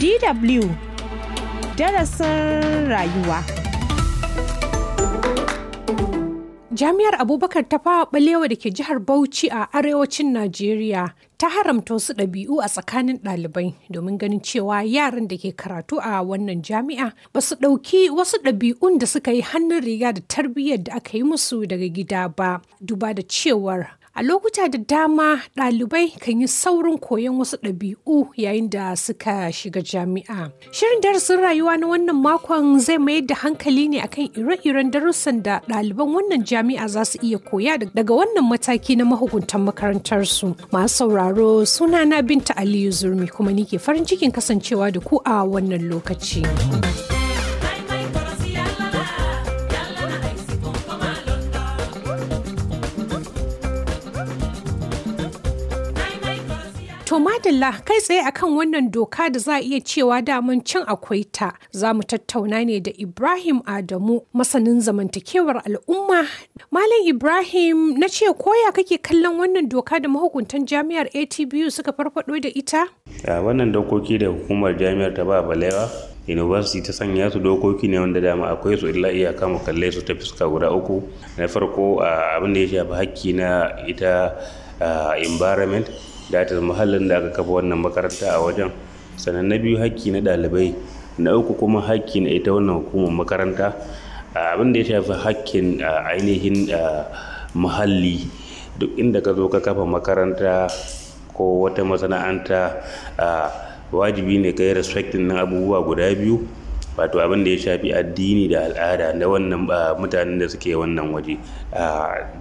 DW darasin rayuwa. Jami'ar Abubakar ta fawa balewa da ke jihar Bauchi a arewacin Najeriya ta haramta wasu ɗabi'u a tsakanin ɗalibai domin ganin cewa yaran da ke karatu a wannan jami'a ba su ɗauki wasu ɗabi'un da suka yi hannun riga da tarbiyyar da aka yi musu daga gida ba duba da cewar A lokuta da dama ɗalibai kan yi saurin koyon wasu ɗabi'u yayin da suka shiga jami'a. Shirin darasin rayuwa na wannan makon zai mayar da hankali ne akan ire-iren darussan da ɗaliban wannan jami'a za su iya koya daga wannan mataki na mahukuntan makarantarsu. Masu sauraro suna na Binta Aliyu Zurmi kuma ni ke farin cikin kasancewa da ku a wannan lokaci. To madalla kai tsaye akan wannan doka da za a iya cewa daman cin akwai ta za mu tattauna ne da Ibrahim Adamu masanin zamantakewar al'umma. Malam Ibrahim na ce koya kake kallon wannan doka da mahukuntan jami'ar ATBU suka farfado da ita? wannan dokoki da hukumar jami'ar ta ba balewa university ta sanya su dokoki ne wanda dama akwai su illa iyaka kama kalle su ta fuska guda uku na farko abin da ya shafi hakki na ita environment datar muhallin da aka kafa wannan makaranta a wajen sannan na biyu hakki na ɗalibai na uku kuma hakki na ita wannan hukumar makaranta abin da ya shafi hakkin ainihin muhalli duk inda ka zo ka kafa makaranta ko wata masana'anta wajibi ne ka yi respectin nan abubuwa guda biyu wato abin da ya shafi addini da al'ada na wannan mutanen da suke wannan waje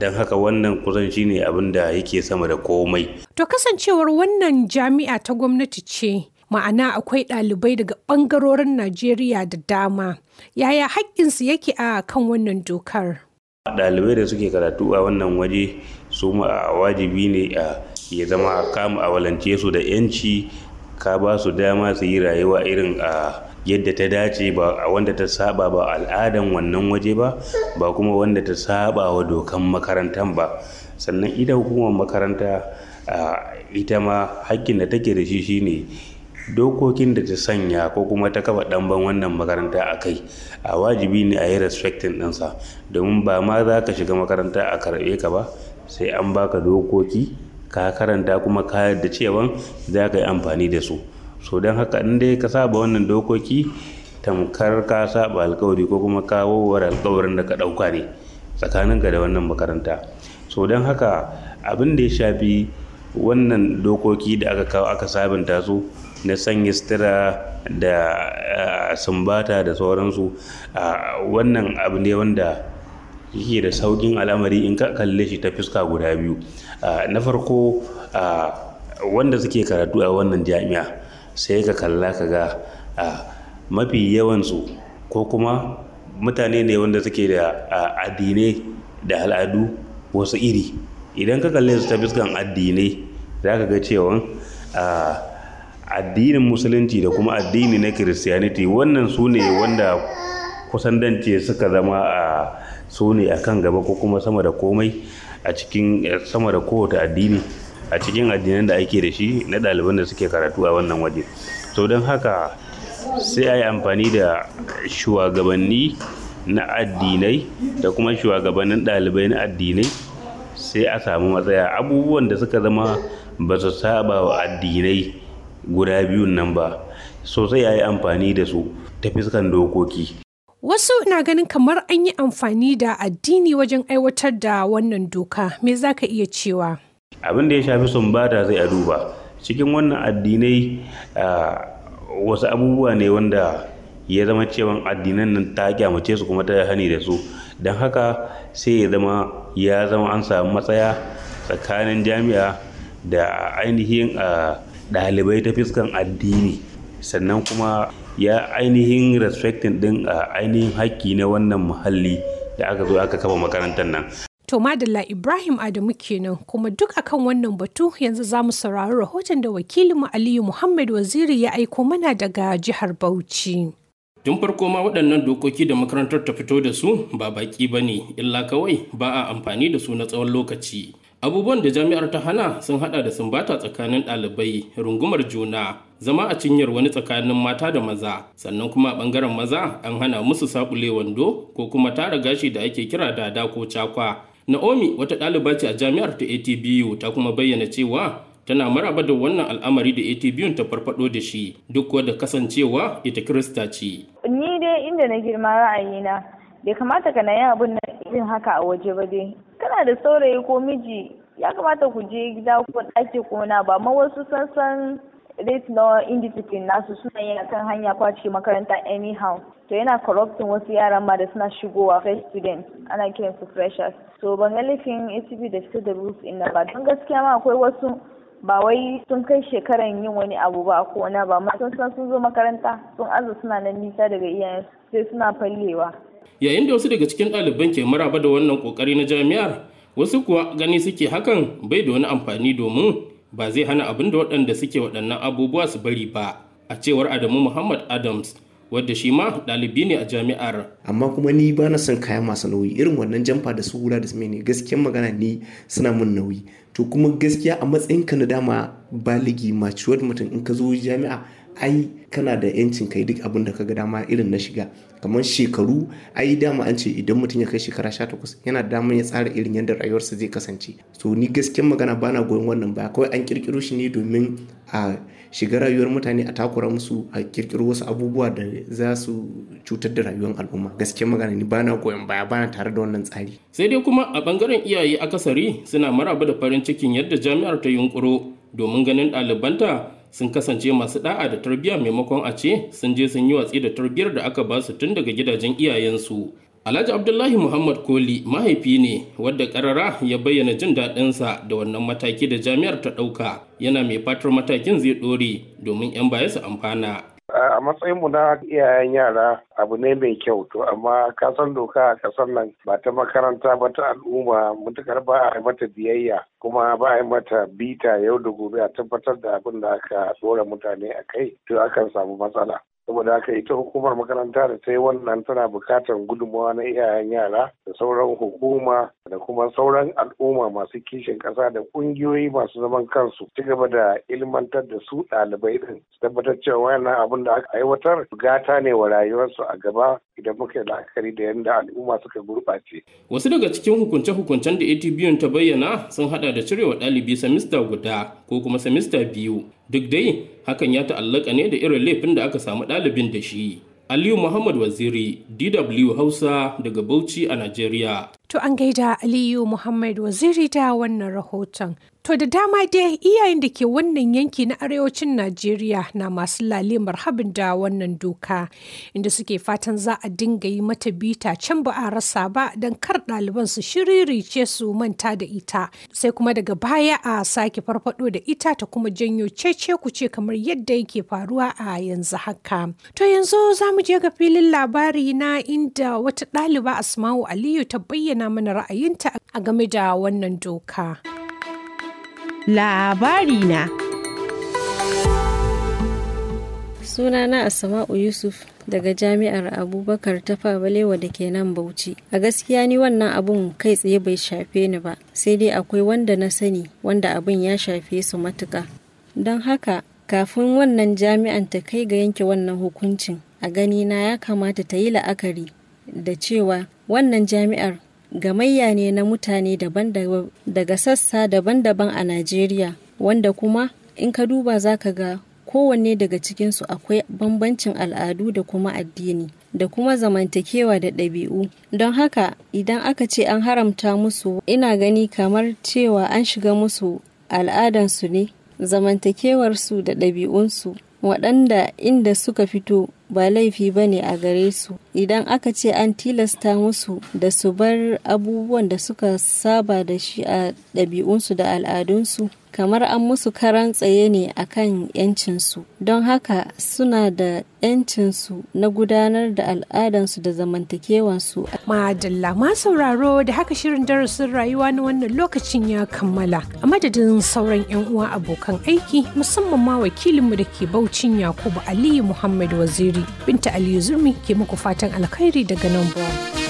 don haka wannan kusan shine abin da yake sama da komai to kasancewar wannan jami'a ta gwamnati ce ma'ana akwai ɗalibai daga ɓangarorin najeriya da dama yaya haƙƙinsu yake a kan wannan dokar ɗalibai da suke karatu a wannan waje su ma wajibi ne a ya zama kama a walance su da 'yanci ka ba su dama su yi rayuwa irin a yadda ta dace ba a wanda ta saba ba al'adan wannan waje ba ba kuma wanda ta saba wa dokan makarantar ba sannan ita hukumar makaranta a ita ma hakkin da take da shi shine dokokin da ta sanya ko kuma ta kafa ɗanban wannan makaranta a kai a wajibi ne a yi respectin ɗinsa domin ba ma za ka shiga makaranta a karɓe ka ba sai an baka dokoki ka karanta kuma ka da cewan za ka yi amfani da su so don haka in dai ka saba wannan dokoki tamkar ka saba alkawari ko kuma kawo wa alkawarin da ka ɗauka ne tsakanin ka da wannan makaranta so don haka abin da ya shafi wannan dokoki da aka kawo aka sabunta su na sanya sutura da eh, sumbata da sauransu wannan abu ne wanda yake da saukin al'amari in ka kalle shi ta fuska guda biyu na farko wanda suke karatu a wannan jami'a sai ka kalla ka ga a mafi yawansu ko kuma mutane ne wanda suke da addinai da al'adu wasu iri idan ka kalle su ta fiskan addinai za ka ga cewa addinin musulunci da kuma addini na christianity wannan su ne wanda kusan dance suka zama a su ne a kan gaba ko kuma sama da komai a cikin sama da kowace addini a cikin addinan da ake da shi na ɗaliban da suke karatu a wannan waje to don haka sai a yi amfani da shugabanni na addinai da kuma shugabannin ɗalibai na addinai sai a samu matsaya abubuwan da suka zama ba su saba wa addinai guda biyun nan ba sosai a yi amfani da su ta fiskan dokoki wasu na ganin kamar an yi amfani da addini wajen aiwatar da wannan doka me za ka iya cewa Abin da ya shafi sumbata zai a duba. Cikin wannan addinai, wasu abubuwa ne wanda ya zama cewa addinan nan ta kyamace su kuma ta hani da su. Don haka sai ya zama, ya zama an samu matsaya tsakanin jami'a da ainihin, ah, ɗalibai ta fiskan addini. Sannan kuma ya ainihin respecting ɗin, a ainihin hakki na wannan muhalli da aka zo aka kafa makarantar nan. To Madalla Ibrahim Adamu kenan kuma duk akan wannan batu yanzu za mu saurari rahoton da wakilinmu Aliyu Muhammad Waziri ya aiko mana daga jihar Bauchi. Tun farko ma waɗannan dokoki da makarantar ta fito da su ba baƙi ba ne, illa kawai ba a amfani da su na tsawon lokaci. Abubuwan da jami'ar ta hana sun haɗa da sumbata tsakanin ɗalibai, rungumar juna, zama a cinyar wani tsakanin mata da maza sannan kuma a bangaren maza an hana musu sabule wando ko kuma tara gashi da ake kira dada ko cakwa Naomi wata ɗaliba ce a jami'ar ta ATBU ta kuma bayyana cewa tana maraba da wannan al'amari da ATBU ta farfado da shi duk da kasancewa ita Kirista ce. Ni dai inda na girma ra'ayina bai kamata ka na yi abin na irin haka a waje ba dai. Kana da saurayi ko miji ya kamata ku je gida ko ɗaki kona ba ma wasu sansan rate na indiscipline nasu suna yin akan hanya kwace makaranta anyhow to yana corrupting wasu yaran ma da suna shigowa fresh students ana kiran su freshers so ban ga laifin ACB da fito da rules in na ba don gaskiya ma akwai wasu ba wai sun kai shekaran yin wani abu ba ko wani ba ma sun san sun zo makaranta sun aza suna nan nisa daga iyayen sai suna fallewa yayin da wasu daga cikin ɗaliban ke maraba da wannan kokari na jami'ar wasu kuwa gani suke hakan bai da wani amfani domin ba zai hana abin da waɗanda suke waɗannan abubuwa su bari ba a cewar adamu muhammad adams wadda shi ma ɗalibi ne a jami'ar amma kuma ni ba na son kayan masu nauyi irin wannan jamfa da su da su ne gaskiyan magana ni suna mun nauyi to kuma gaskiya a matsayin ka na dama baligi maciwar mutum in ka zo jami'a ai kana da yancin kai duk abin da ka ga dama irin na shiga kamar shekaru ai dama an ce idan mutum ya kai shekara sha 18 yana da damar ya tsara irin yadda rayuwarsa zai kasance so ni gaskiyar magana bana goyon wannan ba kawai an kirkiro shi ne domin a shiga rayuwar mutane a takura musu a kirkiro wasu abubuwa da za su cutar da rayuwar al'umma gaskiyar magana ni bana goyon baya bana tare da wannan tsari sai dai kuma a bangaren iyaye akasari suna maraba da farin cikin yadda jami'ar ta yunkuro domin ganin ɗalibanta sun kasance masu da'a da tarbiyya maimakon a ce sun je sun yi watsi da tarbiyyar da aka ba su tun daga gidajen iyayensu alhaji abdullahi muhammad koli mahaifi ne wadda karara ya bayyana jin daɗinsa da wannan mataki da jami'ar ta ɗauka yana mai fatar matakin zai ɗore domin 'yan baya su amfana a matsayin mu na iyayen yara abu ne mai kyau to amma ka san doka a kasar nan ba ta makaranta ba ta al'umma mutukar ba a mata biyayya kuma ba a mata bita yau da gobe a tabbatar da abin da aka tsora mutane a kai to akan samu matsala saboda haka ita hukumar makaranta da ta yi wannan tana bukatar gudunmawa na iyayen yara da sauran hukuma da kuma sauran al'umma masu kishin ƙasa da ƙungiyoyi masu zaman kansu ci gaba da ilmantar da su ɗalibai din su tabbatar cewa wannan abin da aka aiwatar gata ne wa rayuwarsu a gaba idan muka yi la'akari da yadda al'umma suka gurɓace. wasu daga cikin hukunce-hukuncen da atbun ta bayyana sun hada da cirewa ɗalibi samista guda ko kuma samista biyu duk dai hakan ya ta'allaka ne da irin laifin da aka samu ɗalibin da shi aliyu muhammad waziri dw hausa daga bauchi a najeriya to an gaida aliyu muhammad waziri da wannan rahoton To da dama dai iyayen da ke wannan yanki na arewacin Najeriya na masu lalimar habin da wannan doka inda suke fatan za a dinga yi mata bita can ba a rasa ba don kar ɗaliban su shiririce su manta da ita sai kuma daga baya a sake farfado da ita ta kuma janyo cece kuce kamar yadda yake faruwa a yanzu haka. To yanzu za mu je ga filin labari na inda wata ɗaliba Asma'u Aliyu ta bayyana mana ra'ayinta a game da wannan doka. labarina. Sunana Asma'u Yusuf daga jami'ar Abubakar ta Fabalewa da ke nan Bauchi. A gaskiya ni wannan abun kai tsaye bai shafe ni ba, sai dai akwai wanda na sani wanda abun ya shafe su matuka. Don haka, kafin wannan jami'an ta kai ga yanke wannan hukuncin, a gani na ya kamata ta yi la'akari da cewa wannan jami'ar gamayya ne na mutane daban daga sassa daban-daban a Najeriya wanda kuma in ka duba za ka ga kowanne daga cikinsu akwai bambancin al'adu da kuma addini da kuma zamantakewa da ɗabi'u don haka idan aka ce an haramta musu ina gani kamar cewa an shiga musu al'adansu ne zamantakewarsu da ɗabi'unsu waɗanda inda suka fito ba laifi ba ne a gare su idan aka ce an tilasta musu da su bar abubuwan da suka saba da shi a ɗabi'unsu da al'adunsu kamar an musu karan tsaye ne a kan ‘yancinsu, don haka suna da ‘yancinsu na gudanar da al'adansu da zamantakewansu. Madalla ma sauraro da haka shirin darasin rayuwa na wannan lokacin ya kammala a madadin sauran 'yan uwa abokan aiki musamman ma wakilinmu da ke Baucin Yakubu Aliyu Muhammad Waziri Binta Aliyu Zurmi ke muku fatan alkhairi daga nan ba.